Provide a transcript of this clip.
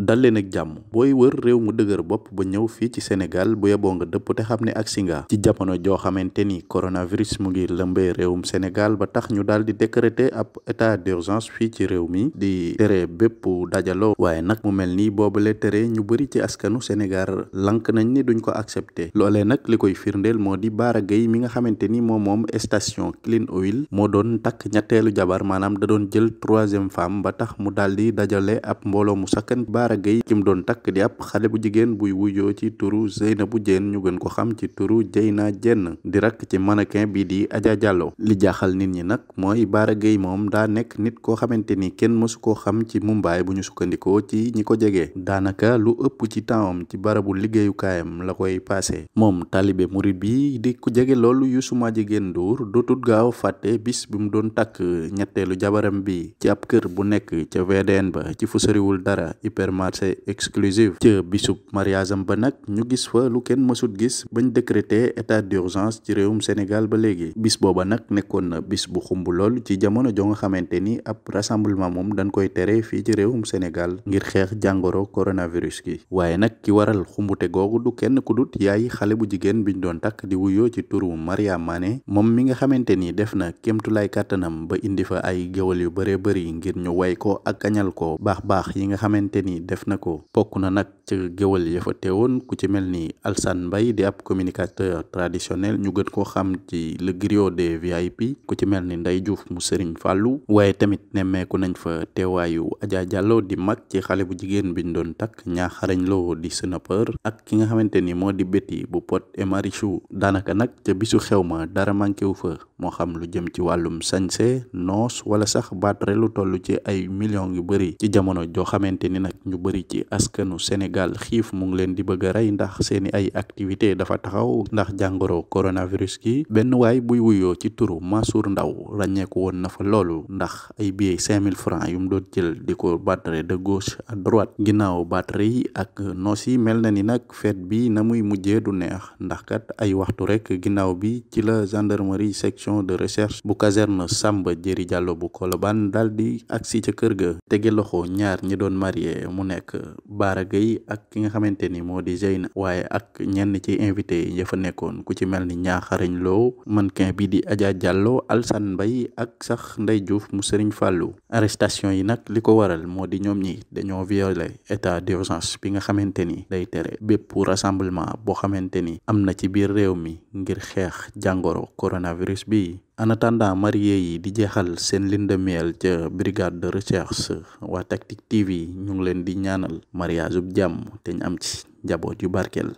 dal leen ak jàmm booy wër réew mu dëgër bopp ba ñëw fii ci Sénégal bu yeboo nga dëpp te xam ne ak si nga ci jamono joo xamante ni coronavirus mu ngi lëmbee réewum Sénégal ba tax ñu daal di décréter ab état d'urgence fii ci réew mi di tere bépp dajaloo waaye nag mu mel nii boobale tere ñu bëri ci askanu Sénégal lank nañ ni duñ ko accepté loolee nag li koy firndeel moo di Bara Gueye mi nga xamante ni moom moom station Clean Oil moo doon takk ñetteelu jabar maanaam da doon jël troisième femme ba tax mu daal di dajale ab mbooloo mu sakkan Baara Gueye kim doon takk di ab xale bu jigéen buy wujoo ci turu Zeynabu Diène ñu gën ko xam ci turu Dieyna Diène di rakk ci mannequin bii di Adja Diallo li jaaxal nit ñi nag mooy Baara Gueye moom daa nekk nit koo xamante ni kenn mësu koo xam ci mumbaay bu ñu sukkandikoo ci ñi ko jege daanaka lu ëpp ci tempsam ci barabu liggéeyukaayam la koy passé moom taalibe murit bii di ku jege loolu Youssou Madjiguène doo dootut gaaw fàtte bis bi mu doon takk ñetteelu jabaram bi ci ab kër bu nekk ca VDN marché exclusive ca bisub mariage am ba nag ñu gis fa lu kenn mësut gis bañ décrété état d'urgence ci réewum Sénégal ba léegi bis booba nag nekkoon na bis bu xumb lool ci jamono jo nga xamante ni ab rassemblement moom dañ koy tere fii ci réewum Sénégal ngir xeex jàngoro coronavirus gi waaye nag ki waral te googu du kenn ku dut yaay xale bu jigéen biñ doon takk di wuyoo ci turu Maria maane moom mi nga xamante ni def na lay kàttanam ba indi fa ay géwal yu bare bëri ngir ñu ko def na ko bokk na nag ci géwal ya fa teewoon ku ci mel ni Alsane mbay di ab communicateur traditionnel ñu gën koo xam ci le griot des VIP ku ci mel ni nday juuf mu Serigne Fallou waaye tamit nemmeeku nañ fa teewaayu Adja Diallo di mag ci xale bu jigéen biñ doon takk ñaaxarañ loo di snapper ak ki nga xamante ni moo di Betty bu Pod et Marichou daanaka nag ca bisu xew ma dara manqué wu fa moo xam lu jëm ci wàllum sañse noos wala sax baatere lu ci ay millions yu bëri bëri ci askanu Sénégal xiif mu ngi leen di bëgg rey ndax seeni ay activité dafa taxaw ndax jàngoro coronavirus gi benn waay buy wuyoo ci turu Mansour Ndaw ràññeeku woon nafa fa loolu ndax ay billets cinq mille francs yu mu doon jël di ko battre de gauche à droite ginnaaw battre ak noos yi mel na ni nag feet bi na muy mujjee du neex ndax kat ay waxtu rek ginnaaw bi ci la gendarmerie section de recherche bu caserne Samba Jëri Jàllo bu Colobane dal di agsi ca kër ga tege nekk Bara yi ak ki nga xamante ni moo di Zeyna waaye ak ñenn ci invité yi fa nekkoon ku ci mel ni ñaaxarañ loo mannequin bi di Adja Diallo Alsan Mbay ak sax Ndey Diouf mu Sëriñ Fàllu arrestation yi nag li ko waral moo di ñoom ñi dañoo violer état d'urgence bi nga xamante ni day tere bépp rassemblement boo xamante ni am na ci biir réew mi ngir xeex jàngoro coronavirus bi en attendant marié yi di jeexal seen lune de ca brigade de recherche waa Tactic TV ñu ngi leen di ñaanal mariage bu jàmm te am ci njaboot yu barkel